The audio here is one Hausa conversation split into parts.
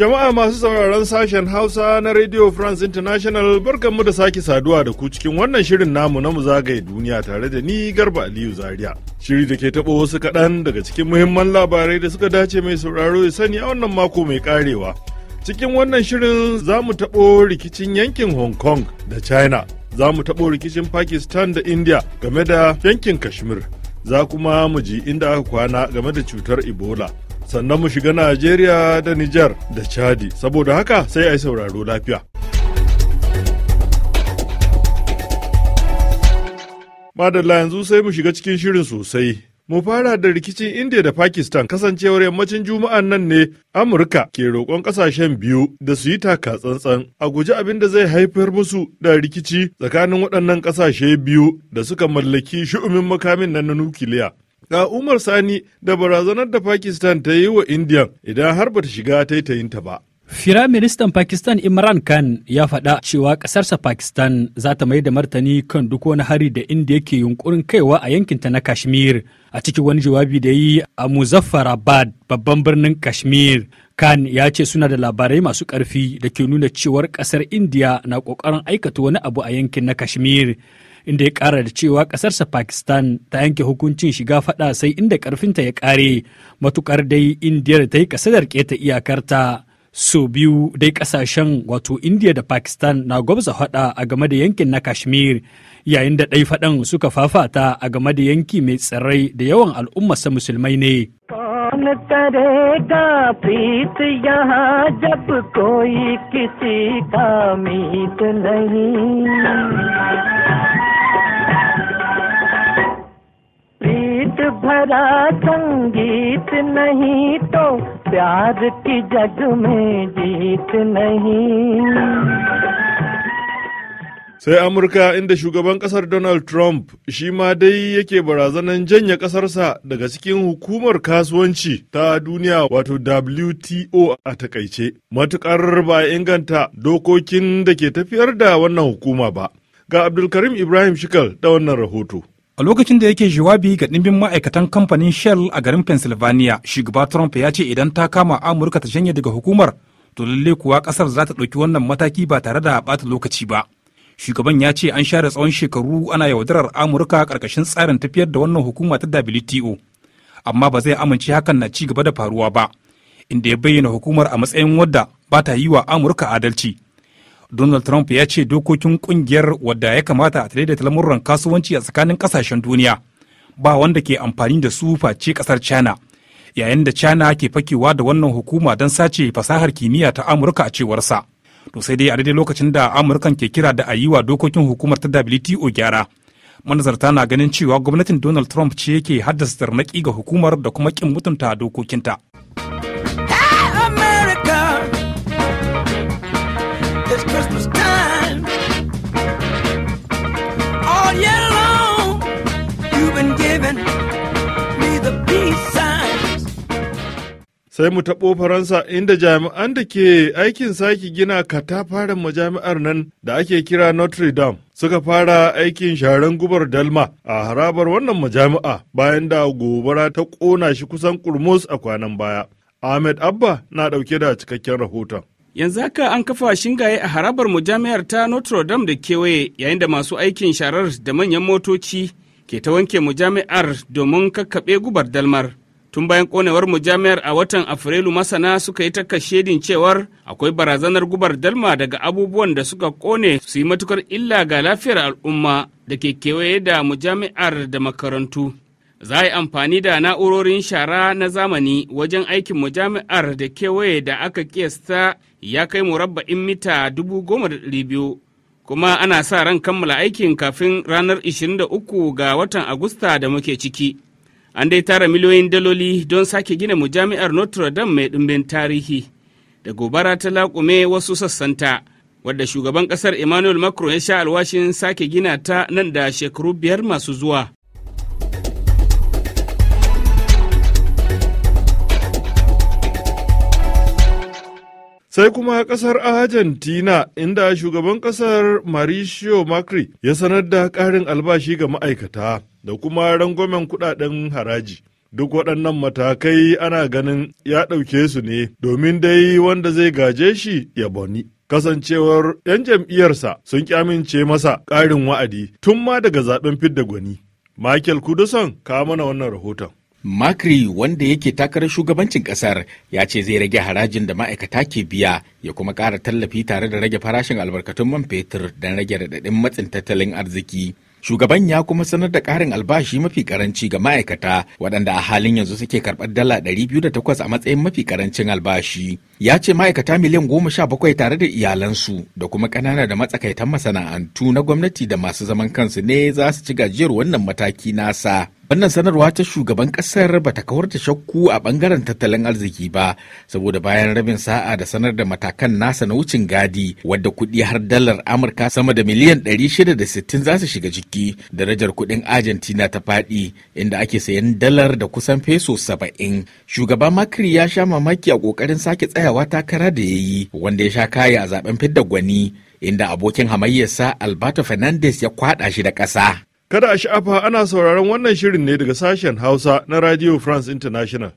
Jama'a masu sauraron sashen Hausa na Radio France International barkanmu da sake saduwa da ku cikin wannan shirin namu na mu zagaye duniya tare da ni Garba Aliyu Zaria. Shiri da ke taɓo wasu kaɗan daga cikin muhimman labarai da suka dace mai sauraro ya sani a wannan mako mai karewa. Cikin wannan shirin za mu taɓo rikicin yankin Hong Kong da China, za mu taɓo rikicin Pakistan da India game da yankin Kashmir. Za kuma mu ji inda aka kwana game da cutar Ebola. sannan mu shiga Najeriya da Nijar da Chadi saboda haka sai a yi sauraro lafiya. Madalla yanzu sai mu shiga cikin shirin sosai. Mu fara da rikicin India da Pakistan kasancewar yammacin Juma'an nan ne Amurka ke roƙon ƙasashen biyu da su yi taka tsantsan a guji abin da zai haifar musu da rikici tsakanin waɗannan ƙasashe biyu da suka mallaki shu'umin makamin nan na nukiliya. ga Umar Sani da barazanar da Pakistan ta yi wa indiya idan har ba ta shiga taitayinta ba. Firaministan Pakistan Imran Khan ya faɗa cewa ƙasarsa Pakistan za ta mai da martani kan duk wani hari da indiya ke yunkurin kaiwa a yankinta na Kashmir a cikin wani jawabi da yi a Muzaffarabad babban birnin Kashmir. Khan ya ce suna da labarai masu ƙarfi da ke nuna cewar ƙasar indiya na ƙoƙarin aikata wani abu a yankin na Kashmir. inda ya kara da cewa kasarsa pakistan ta yanke hukuncin shiga fada sai inda karfinta ya kare matukar dai indiya da ta yi kasadar keta iyakarta so biyu dai kasashen wato indiya da pakistan na gwabza fada a game da yankin na kashmir yayin da ɗai fadan suka fafata a game da yanki mai tsirrai da yawan al'ummarsa musulmai ne कौन भरा संगीत नहीं तो प्यार की जग में जीत नहीं sai amurka inda shugaban kasar donald trump shi ma dai yake barazanan janye kasarsa daga cikin hukumar kasuwanci ta duniya wato wto a takaice matukar ba inganta dokokin da ke tafiyar da wannan hukuma ba ga abdulkarim ibrahim shikal da wannan rahoto A lokacin da yake jawabi ga ɗimbin ma'aikatan kamfanin Shell a garin Pennsylvania, shugaba Trump ya ce idan ta kama Amurka ta shanye daga hukumar, to lalle kuwa ƙasar za ta ɗauki wannan mataki ba tare da ɓata lokaci ba. Shugaban ya ce an share tsawon shekaru ana yaudarar Amurka ƙarƙashin tsarin tafiyar da wannan hukuma ta WTO, amma ba zai amince hakan na ci gaba da faruwa ba, inda ya bayyana hukumar a matsayin wadda ba ta yi wa Amurka adalci. Donald Trump ya ce dokokin kungiyar wadda ya kamata a daidaita lamurran kasuwanci a tsakanin kasashen duniya ba wanda ke amfani da su face kasar China. Yayin da China ke fakewa da wannan hukuma don sace fasahar kimiyya ta Amurka a cewarsa. To sai dai a daidai lokacin da Amurkan ke kira da a yi wa dokokin hukumar ta WTO gyara. Manazarta na ganin cewa gwamnatin Donald Trump ce yake haddasa tarnaƙi ga hukumar da kuma kin mutunta dokokinta. sai mu taɓo faransa inda jami'an da ke aikin sake gina katafaren majami'ar nan da ake kira notre dame suka fara aikin sharan gubar dalma a harabar wannan majami'a bayan da gobara ta ƙona shi kusan kurmus a kwanan baya ahmed abba na ɗauke da cikakken rahoton yanzu haka an kafa shingaye a harabar majami'ar ta notre dame da kewaye yayin da masu aikin sharar da manyan motoci ke ta wanke majami'ar domin kakkaɓe gubar dalmar tun bayan konewar jami'ar a watan afrilu masana suka yi taka shedin cewar akwai barazanar gubar dalma daga abubuwan da suka kone su yi matukar illa ga lafiyar al'umma da ke kewaye da mujami'ar da makarantu za a yi amfani da na'urorin shara na zamani wajen aikin mujami'ar da kewaye da aka kiyasta ya kai mu rabba'in mita dubu goma da biyu kuma ana sa ran kammala aikin kafin ranar 23 ga watan agusta da muke ciki an dai tara miliyoyin daloli don sake gina jami'ar notre dame mai ɗimbin tarihi da gobara ta laƙume wasu sassanta wadda shugaban ƙasar emmanuel macron ya sha alwashin sake gina ta nan da shekaru biyar masu zuwa sai kuma kasar argentina inda shugaban kasar mauricio macri ya sanar da karin albashi ga ma'aikata da kuma rangwamen kudaden haraji duk waɗannan matakai ana ganin ya ɗauke su ne domin dai wanda zai gaje shi ya boni kasancewar 'yan jam'iyyarsa sun kyamince masa ƙarin wa'adi tun ma daga zaben fidda gwani michael kuduson kawo mana wannan rahoton Makri, wanda yake takarar shugabancin kasar ya ce zai rage harajin da ma'aikata ke biya ya kuma kara tallafi tare da rage farashin albarkatun man fetur don rage raɗaɗin matsin tattalin arziki. Shugaban ya kuma sanar da ƙarin albashi mafi karanci ga ma'aikata waɗanda a halin yanzu suke karɓar dala 208 a matsayin mafi karancin albashi. Ya ce ma'aikata miliyan goma sha bakwai tare da iyalansu da kuma ƙanana da matsakaitan masana'antu na gwamnati da masu zaman kansu ne za su ci gajiyar wannan mataki nasa. Wannan sanarwa ta shugaban kasar ba ta kawar da shakku a bangaren tattalin arziki ba, saboda bayan rabin sa'a da sanar da matakan nasa na wucin gadi, wadda kuɗi har dalar Amurka sama da miliyan 660 za su shiga ciki, darajar kuɗin Argentina ta faɗi, inda ake sayan dalar da kusan Peso 70. Shugaban Makri ya sha mamaki a ƙoƙarin sake tsayawa takara da ya yi, wanda ya sha kaya a zaben fidda gwani, inda abokin hamayyarsa Alberto Fernandez ya kwaɗa shi da ƙasa. Kada a sha'afa ana sauraron wannan shirin ne daga sashen Hausa na Radio France International.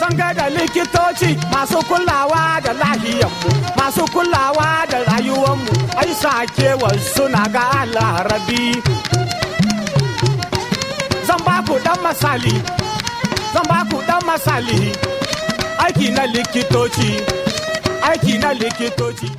Zan da likitoci masu kulawa da lahiyanmu, masu kulawa da rayuwanmu, ai sakewar suna ga larabi. Zan ba ku dan masali, zan ba ku dan masali, aiki na likitoci, aiki na likitoci.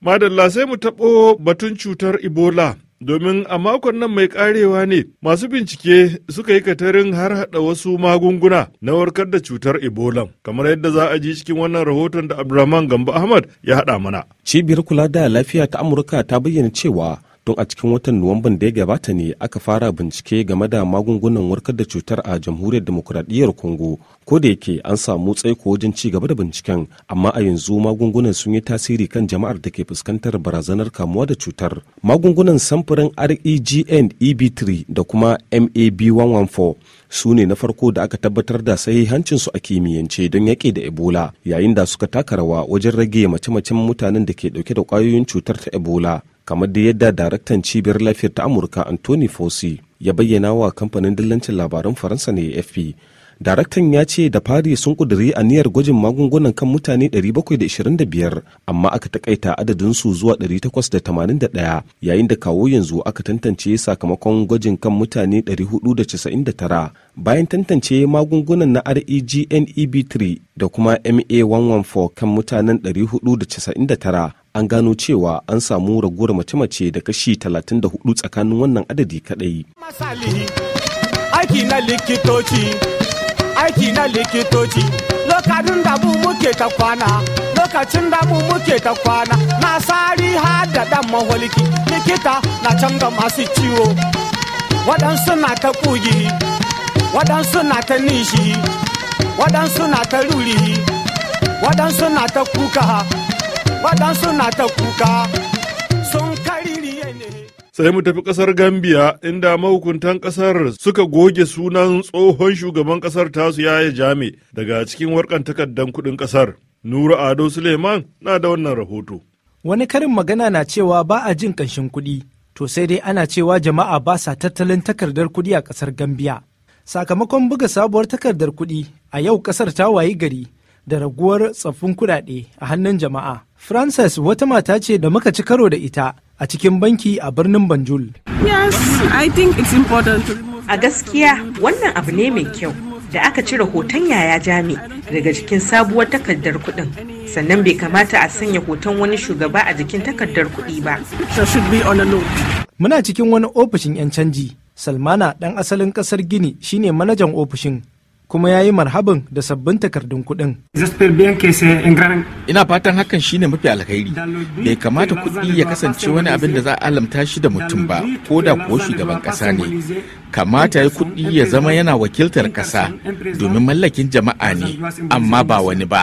Madalla sai mu taɓo batun cutar Ebola. domin a makon nan mai karewa ne masu bincike suka yi katarin har hada wasu magunguna na warkar da cutar ebola kamar yadda za a ji cikin wannan rahoton da abdulrahman Gambo ahmad ya hada mana cibiyar kula da lafiya ta amurka ta bayyana cewa don a cikin watan nuwamban da ya gabata ne aka fara bincike game da magungunan warkar da cutar a jamhuriyar demokuraɗiyyar congo ko da yake an samu tsaiko wajen ci gaba da binciken amma a yanzu magungunan sun yi tasiri kan jama'ar da ke fuskantar barazanar kamuwa da cutar magungunan samfurin e e regn eb3 da kuma mab114 su ne na farko da aka tabbatar da sai sahihancinsu a kimiyyance don yaƙi da ebola yayin da suka taka rawa wajen rage mace-macen mutanen da ke ɗauke da ƙwayoyin cutar ta ebola kamar da yadda daraktan cibiyar lafiyar ta amurka anthony fauci ya bayyana wa kamfanin dillancin labaran faransa ne afp daraktan ya ce da fari sun kuduri aniyar gwajin magungunan kan mutane 725 amma aka takaita adadinsu zuwa 881 yayin da kawo yanzu aka tantance sakamakon gwajin kan mutane 499 bayan tantance magungunan na e e regneb 3 da kuma ma114 kan mutanen 499 an gano cewa an samu raguwar mace-mace da kashi 34 tsakanin wannan adadi kadai. aiki na likitoci aiki lokacin da mu muke ta kwana lokacin da mu muke ta kwana na sari har da dan maholiki likita na can ga masu ciwo waɗansu na ta ƙugi waɗansu na ta nishi waɗansu na ta ruri waɗansu na ta kuka waɗansu na ta kuka sun kaririye ne. sai mu tafi ƙasar gambiya inda mahukuntan ƙasar suka goge sunan tsohon shugaban ƙasar tasu yaya jami daga cikin warkan takardan kuɗin ƙasar nura ado suleiman na da wannan rahoto wani karin magana na cewa ba a jin ƙanshin kuɗi to sai dai ana cewa jama'a ba sa tattalin takardar kuɗi a ƙasar gambiya sakamakon buga sabuwar takardar kuɗi a yau ƙasar ta wayi gari da raguwar tsaffin kuɗaɗe a hannun jama'a Frances wata mata ce da muka ci karo da ita a cikin banki a birnin Banjul. Yes, I think it's important to remove A gaskiya wannan abu ne mai kyau da aka cire hoton yaya jami daga jikin sabuwar takardar kuɗin. Sannan bai kamata a sanya hoton wani shugaba a jikin takardar kuɗi ba. Muna cikin wani ofishin 'yan canji. Salmana ɗan asalin ƙasar Gini shine manajan ofishin. kuma ya yi marhaban da sabbin takardun kuɗin. Ina fatan hakan shine mafi alkhairi. Bai kamata kuɗi ya kasance wani abin da za a alamta shi da mutum ba, ko da kuwa shugaban ƙasa ne. Kamata ya kuɗi ya zama yana wakiltar ƙasa domin mallakin jama'a ne, amma ba wani ba.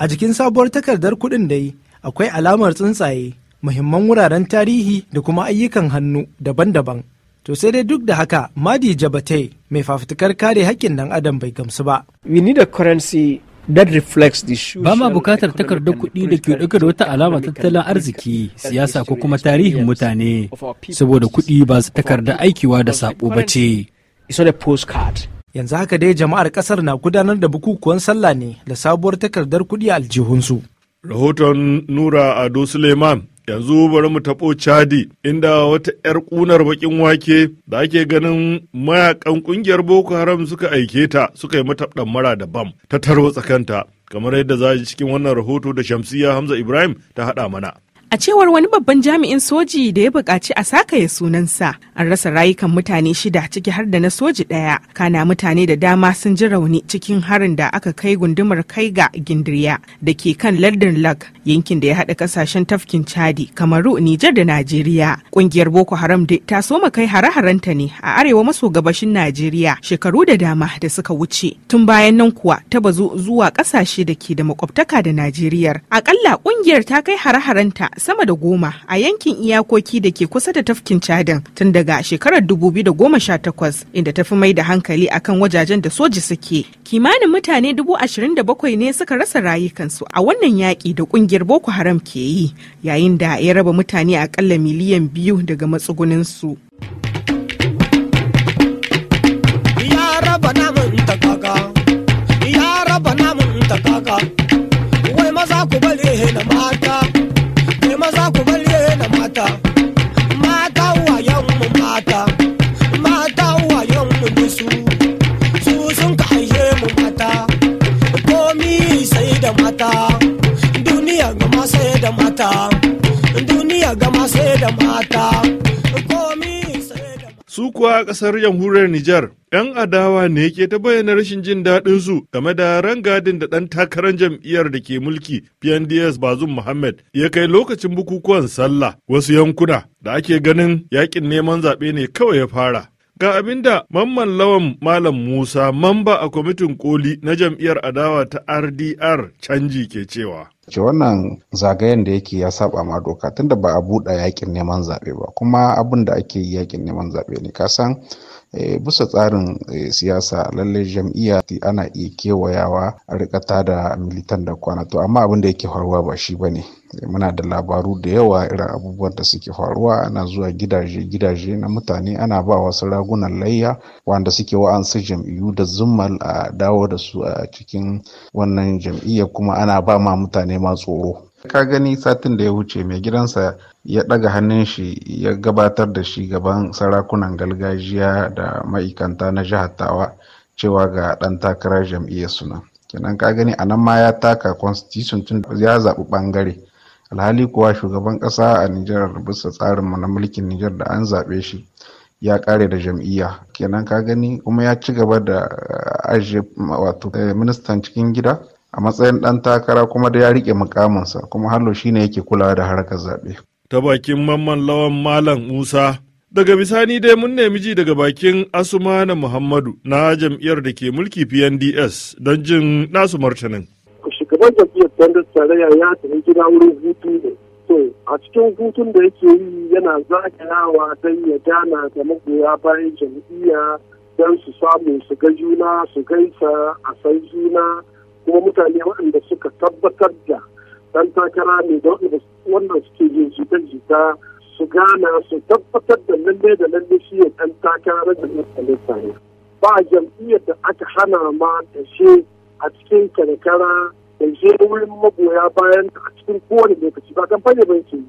A jikin sabuwar takardar kuɗin dai akwai alamar tsuntsaye, muhimman wuraren tarihi da kuma ayyukan hannu daban-daban. To sai dai duk da haka Madi Jabate mai fafutukar kare haƙƙin dan adam bai gamsu ba. We need a currency Ba ma bukatar takardar kuɗi da ke ɗauke da wata alama tattalin arziki, siyasa ko kuma tarihin mutane, saboda kuɗi ba su takardar aikiwa da saɓo ba ce. Yanzu haka dai jama'ar ƙasar na gudanar da bukukuwan sallah ne da sabuwar takardar kuɗi a aljihunsu. Rahoton Nura Ado Suleiman yanzu bari mu taɓo chadi inda wata 'yar ƙunar baƙin wake da ake ganin mayakan ƙungiyar boko haram suka aike ta suka yi mata mara da bam ta tarwatsa kanta kamar yadda za a cikin wannan rahoto da shamsiya hamza ibrahim ta haɗa mana A cewar wani babban jami'in soji da ya buƙaci a sakaye sunansa, an rasa rayukan mutane shida ciki har da na soji ɗaya. Kana mutane da dama sun ji rauni cikin harin da aka kai gundumar kai ga Gindiriya da ke kan lardin Lak, yankin da ya haɗa ƙasashen tafkin Chadi, Kamaru, Nijar da Najeriya. Ƙungiyar Boko Haram dai ta soma kai hare-harenta ne a arewa maso gabashin Najeriya shekaru da dama da suka wuce. Tun bayan nan kuwa ta bazu zuwa ƙasashe da ke da makwabtaka da Najeriya. Aƙalla ƙungiyar ta kai hare-harenta sama da goma a yankin iyakoki da ke kusa da tafkin Chadin tun daga shekarar 2018 inda tafi mai da hankali akan wajajen da soji suke. Kimanin mutane 27 ne suka rasa rayukansu a wannan yaƙi da ƙungiyar Boko Haram ke yi yayin da ya raba mutane aƙalla miliyan biyu daga matsuguninsu. ƙasar yamhuriyar Nijar, 'yan adawa ne ke ta bayyana rashin jin daɗin su game da rangadin da ɗan takarar jam'iyyar da ke mulki PNDS Bazum Mohammed, ya kai lokacin bukukuwan sallah wasu yankuna da ake ganin yaƙin neman zaɓe ne kawai ya fara. Ga abinda mamman lawan Malam Musa mamba a kwamitin koli na jam'iyyar adawa ta RDR canji ke cewa. ce wannan zagayen da yake ya saba ma doka tunda ba a buɗe yakin neman zaɓe ba kuma abin da ake yi yakin neman zaɓe ne kasan eh, bisa tsarin eh, siyasa lallai jam'iyya ana iya kewayawa a rikata da militan da kwana to amma abin da yake faruwa ba shi ba ne muna da labaru da yawa irin abubuwan da suke faruwa ana zuwa gidaje-gidaje na mutane ana ba wasu ragunan layya wanda suke wa'ansu jam'iyyu da zummal a dawo da su a cikin wannan jam'iyya kuma ana ba ma mutane ma tsoro ka gani satin da ya wuce mai gidansa ya ɗaga hannun shi ya gabatar da shi gaban sarakunan gargajiya da ma'aikanta na jihar tawa cewa ga ɗan takarar jam'iyyar suna kenan ka gani a nan ma ya taka constitution tun ya zaɓi ɓangare alhali kuwa shugaban ƙasa a nijar bisa tsarinmu na mulkin nijar da an zaɓe shi ya kare da jam'iyya kenan ka gani kuma ya ci gaba da eh, ajiye wato eh, ministan cikin gida a matsayin ɗan takara kuma da ya riƙe mukaminsa kuma hallo shine yake kulawa da harkar zaɓe. ta bakin mamman lawan malam musa daga bisani dai mun nemi ji daga bakin asumana muhammadu na jam'iyyar da ke mulki pnds don jin nasu martanin. shugaban jam'iyyar Congress tarayya ya tafi gida wurin hutu ne. To a cikin hutun da yake yi yana zagayawa don ya dana da magoya bayan jam'iyya don su samu su ga juna su gaisa a san juna kuma mutane waɗanda suka tabbatar da ɗan takara ne da wannan suke yin jita-jita su gana su tabbatar da lalle da lalle shi ya ɗan takara da mutane ba jam'iyyar da aka hana ma da shi a cikin karkara da je wurin magoya bayan cikin kowane lokaci ba kan ba banki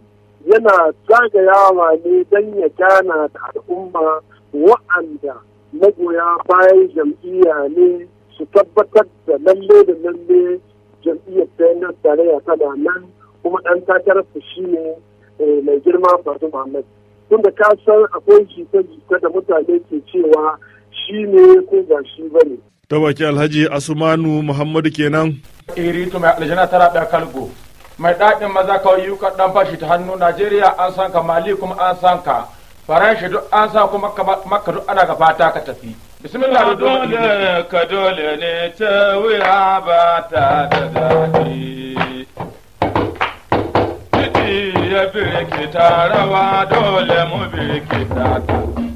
yana zagayawa ne don ya gana da al'umma wa'anda magoya bayan jam'iyya ne su tabbatar da lalle da lalle jam'iyyar ta tarayya tana nan kuma ɗan takararsa shi ne eh, mai girma Fatu Muhammad. Tunda ka san akwai jita-jita da mutane ke cewa shi ne ko ba shi ba ne. ta baki alhaji asumanu muhammadu kenan iritu mai aljana tara da kalgo mai daɗin maza kawai yi ɗan fashi ta hannu najeriya an san ka mali kuma an san ka faransa duk an san kuma makka duk ana ta ka tafi bismillah dole ka dole ne ta wuya ba ta da daɗi titi ya birki ta rawa dole mu birki ta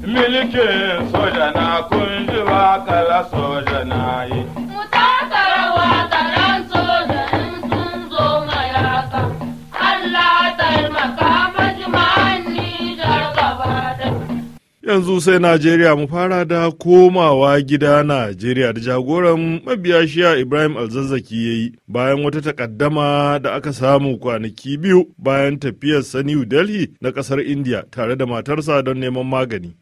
Milikin soja na kala soja na yi. Yanzu sai Najeriya mu fara da komawa gida Najeriya da jagoran mabiya shiya Ibrahim Alzazzaki ya yi bayan wata takaddama da aka samu kwanaki biyu bayan tafiyar New Delhi na kasar India tare da matarsa don neman magani.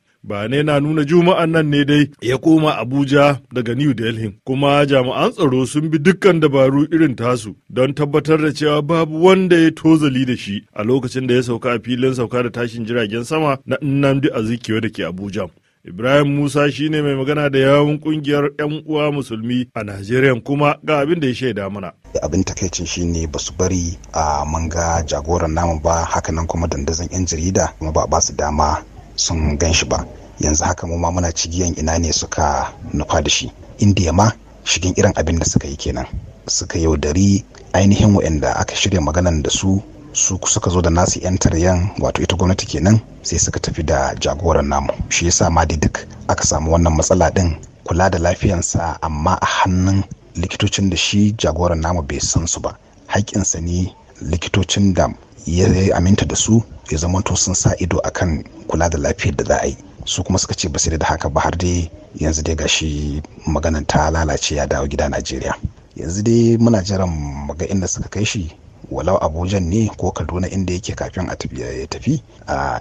ne na nuna juma'an nan ne dai ya koma abuja daga new delhi kuma jami'an tsaro sun bi dukkan dabaru irin tasu don tabbatar da cewa babu wanda ya tozali da shi a lokacin da ya sauka a filin sauka da tashin jiragen sama na nnamdi azikiwa da ke abuja Ibrahim Musa shine mai magana da yawun kungiyar 'yan uwa musulmi a nigeria kuma ga abin da ya shaida mana. Abin takaicin shine ba su bari a manga jagoran namu ba hakanan kuma dandazon 'yan jarida kuma ba ba su dama sun gan shi ba yanzu haka mu ma muna cigiyan ina ne suka nufa da shi indiya ma shigin irin abin da suka yi kenan suka yaudari ainihin waɗanda aka shirya maganan da su su suka zo da nasu 'yan tarayyan wato ita gwamnati kenan sai suka tafi da jagoran namu shi yasa ma da duk aka samu wannan matsala din kula da lafiyansa amma a hannun likitocin da shi jagoran namu bai san su ba haƙƙinsa ne likitocin da ya aminta da su ya zama to sun sa ido akan kula da lafiyar da za a yi su kuma suka ce basu da haka ba har dai yanzu dai gashi maganan ta lalace ya dawo gida najeriya yanzu dai muna jiran maga inda suka kai shi walau abuja ne ko kaduna inda yake kafin a tafi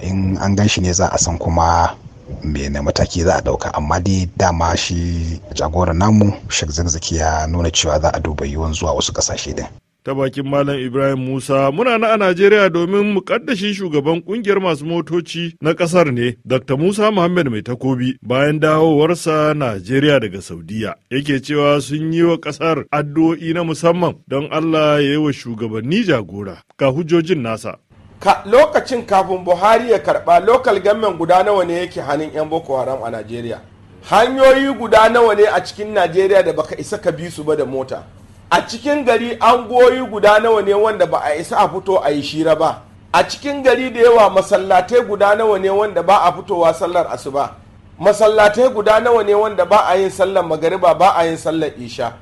in an gan shi ne za a san kuma mene mataki za a dauka amma dai dama shi jagoran namu shek zakiya ya nuna cewa za a duba yiwuwan zuwa wasu kasashe din ta bakin Malam Ibrahim Musa muna na a Najeriya domin mukaddashin shugaban kungiyar masu motoci na kasar ne Dr. Musa Muhammad Mai Takobi bayan dawowarsa Najeriya daga Saudiya yake cewa sun yi wa kasar addu'o'i na musamman don Allah ya yi wa shugabanni jagora ga hujjojin nasa. Ka lokacin kafin Buhari ya karba lokal government guda nawa ne yake hannun 'yan Boko Haram a Najeriya. Hanyoyi guda nawa ne a cikin Najeriya da baka isa ka bi su ba da mota. a cikin gari an goyi guda nawa ne wanda ba a isa a fito a yi shira ba a cikin gari da yawa masallatai guda nawa ne wanda ba a fitowa sallar asuba masallatai guda nawa ne wanda ba a yin sallar magariba ba a yin sallar isha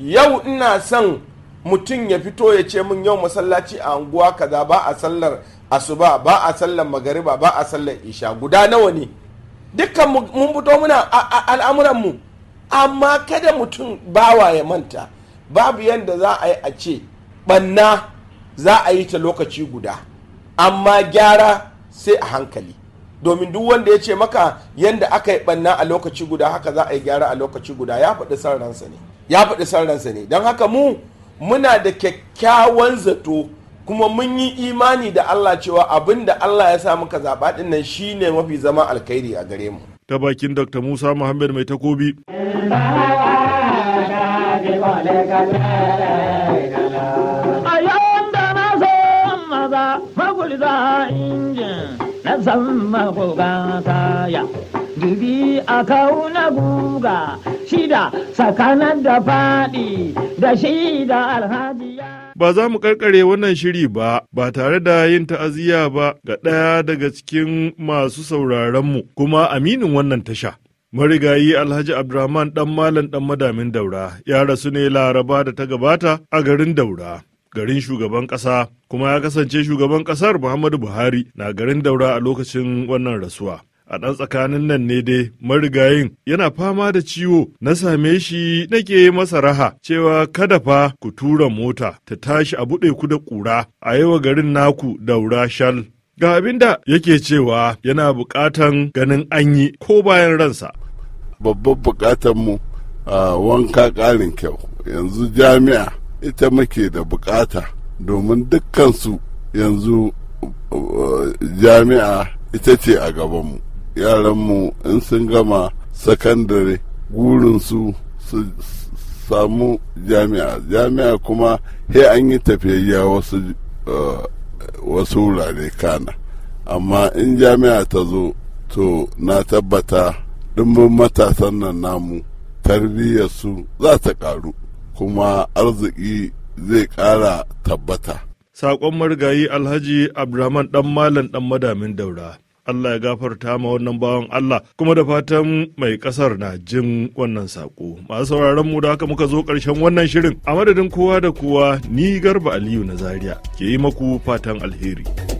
yau ina son mutum ya fito ya ce min yau masallaci a anguwa kaza ba a sallar asuba ba a sallar magariba ba a sallar isha guda nawa ne dukkan mun fito muna al'amuranmu amma kada mutum bawa ya manta babu yadda za a yi a ce ɓanna za a yi ta lokaci guda amma gyara sai a hankali domin duk wanda ya ce maka yadda aka yi ɓanna a lokaci guda haka za a yi gyara a lokaci guda ya faɗi son ne ya faɗi son ne don haka mu muna da kyakkyawan zato kuma mun yi imani da Allah cewa abin da Allah ya sa muka zaɓa ɗin nan shi ne mafi zama alkhairi a gare mu ta bakin dr musa muhammad mai takobi A yau da na so maza magulza injin na san magulgata ya. Dubi a kawo na guga shida tsakanin da faɗi da shida alhajiya. ba za mu karkare wannan shiri ba ba tare da yin ta'aziyya ba ga ɗaya daga cikin masu sauraronmu kuma aminin wannan tasha. Marigayi Alhaji Abdurrahman ɗan Malam ɗan Madamin Daura ya rasu ne Laraba da ta gabata a garin Daura. garin shugaban ƙasa kuma ya kasance shugaban ƙasar Muhammadu Buhari na garin daura a lokacin wannan rasuwa. A ɗan tsakanin nan ne dai marigayin yana fama da ciwo na same shi nake masa raha cewa kada fa ku tura mota ta tashi a buɗe ku da ƙura a yi wa garin naku daura shal. Ga abinda yake cewa yana buƙatan ganin anyi ko bayan ransa. babbar bukatar mu wanka ƙarin kyau yanzu jami'a ita muke da bukata domin dukkansu yanzu jami'a ita ce a gabanmu yaranmu in sun gama sakandare gurinsu su samu jami'a jami'a kuma he an yi tafiyayya wasu wasu wurare kana amma in jami'a ta zo to na tabbata dimbin matasan nan namu su za ta ƙaru kuma arziki zai ƙara tabbata. Saƙon marigayi Alhaji Abdurahman dan Malam ɗan Madamin Daura. Allah ya gafarta ma wannan bawan Allah kuma da fatan mai kasar na jin wannan sako. Masu sauraron mu da haka muka zo ƙarshen wannan shirin a madadin kowa da kowa ni garba Aliyu na Zaria ke yi maku fatan alheri.